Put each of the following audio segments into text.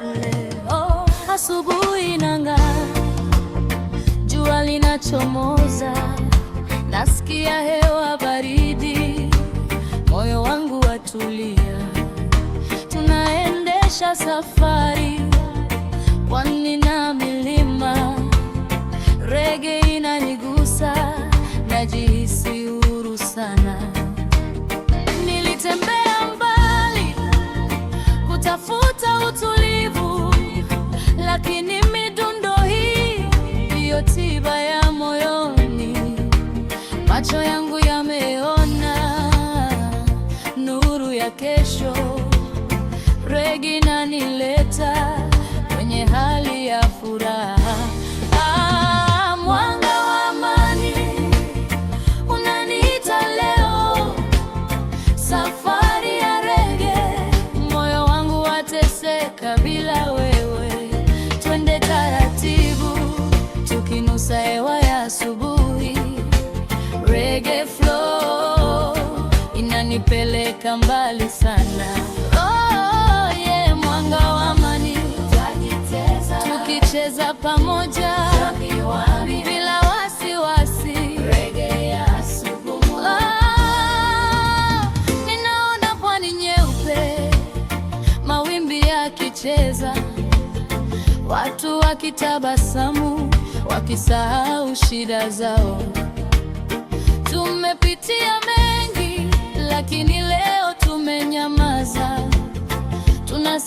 leo asubuhi nanga jua linachomoza, nasikia hewa baridi, moyo wangu watulia, tunaendesha safari, pwani na milima, rege inanigusa naji Macho yangu yameona nuru ya kesho. Regina nileta kwenda mbali sana. Oh, yeah, mwanga wa amani tukicheza pamoja bila wasiwasi. Oh, ninaona pwani nyeupe, mawimbi yakicheza, watu wakitabasamu, wakisahau shida zao.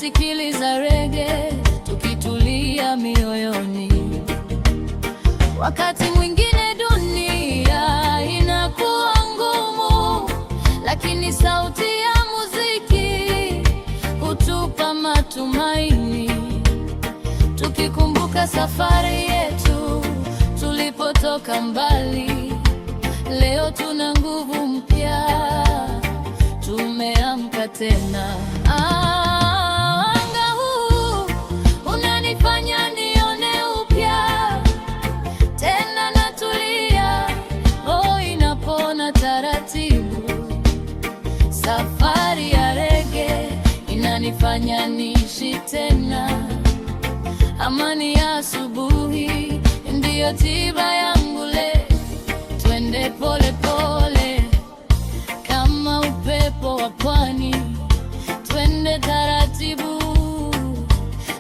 tukisikiliza rege, tukitulia mioyoni. Wakati mwingine dunia inakuwa ngumu, lakini sauti ya muziki hutupa matumaini, tukikumbuka safari yetu tulipotoka mbali. Leo tuna nguvu mpya, tumeamka tena. ndiyo tiba yangu le, twende pole pole kama upepo wa pwani, twende taratibu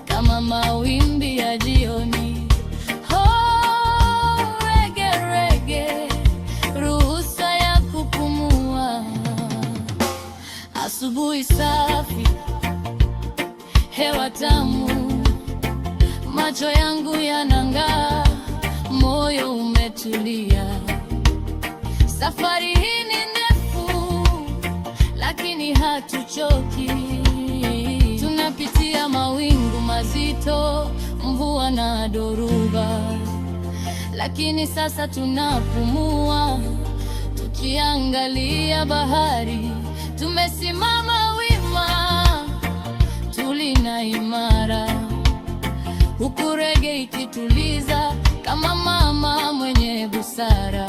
kama mawimbi ya jioni. Oh, rege rege, ruhusa ya kupumua, asubuhi safi, hewa tamu, macho yangu yanang'aa moyo umetulia. Safari hii ni ndefu, lakini hatuchoki. Tunapitia mawingu mazito, mvua na dhoruba, lakini sasa tunapumua, tukiangalia bahari. Tumesimama wima, tulina imara, huku rege ikituliza kama mama mwenye busara.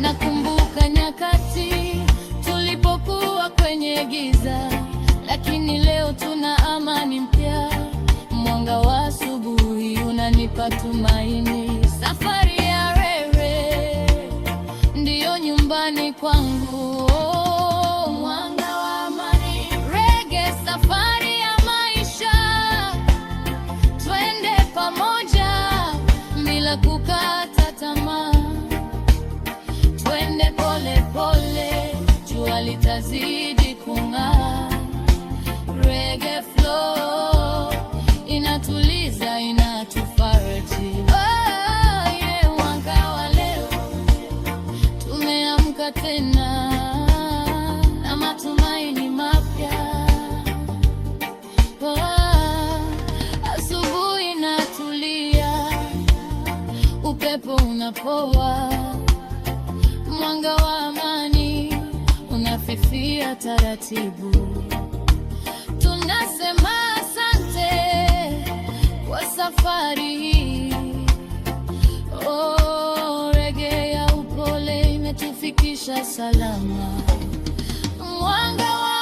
Nakumbuka nyakati tulipokuwa kwenye giza, lakini leo tuna amani mpya. Mwanga wa asubuhi unanipa tumaini. Safari ya Rere ndiyo nyumbani kwangu. kukata tamaa, twende pole pole, jua litazidi kung'aa. unapoa, mwanga wa amani unafifia taratibu. Tunasema asante kwa safari hii. Oh, rege ya upole imetufikisha salama. Mwanga wa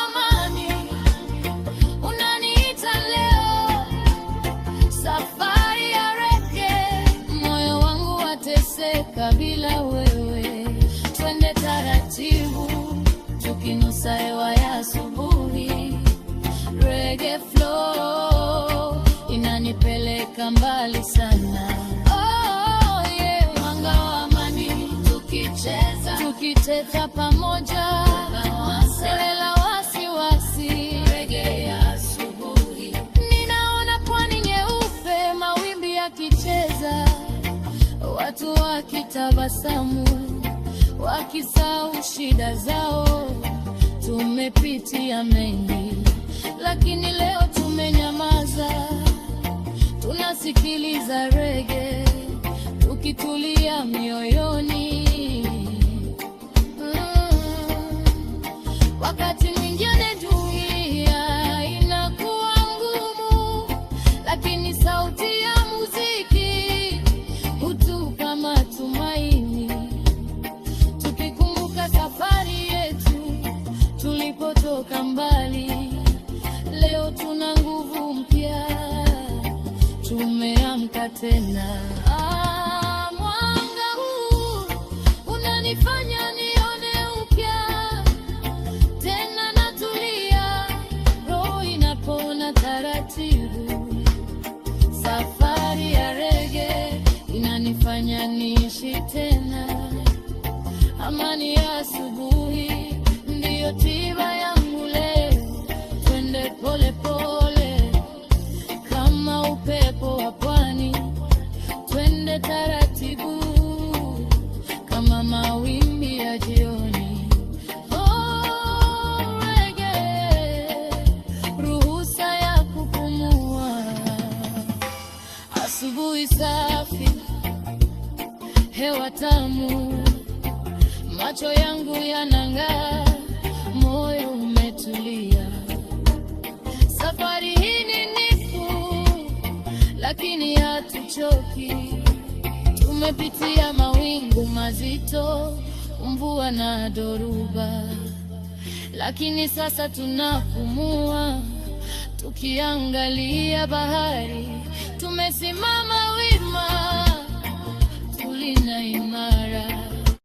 kunusa hewa ya asubuhi. Reggae flow inanipeleka mbali sana. Oh, yeah. Mwanga wa amani tukicheza, tukiteta pamoja wasiwasi Ninaona pwani nyeupe mawimbi yakicheza, watu wakitabasamu wakisahau shida zao tumepitia mengi, lakini leo tumenyamaza, tunasikiliza rege tukitulia mioyoni. tena. Ah, mwanga huu unanifanya nione upya tena, natulia, roho inapona taratibu. Safari ya rege inanifanya niishi tena, amani ya tamu, macho yangu yanang'aa, moyo umetulia. Safari hii ni nifu, lakini hatuchoki. Tumepitia mawingu mazito, mvua na dhoruba, lakini sasa tunapumua, tukiangalia bahari, tumesimama wima mbali na imara.